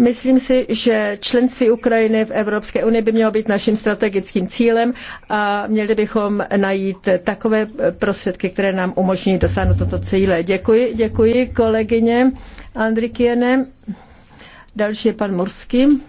Myslím si, že členství Ukrajiny v Evropské unii by mělo být naším strategickým cílem a měli bychom najít takové prostředky, které nám umožní dosáhnout toto cíle. Děkuji, děkuji kolegyně Andrikiene. Další je pan Murský.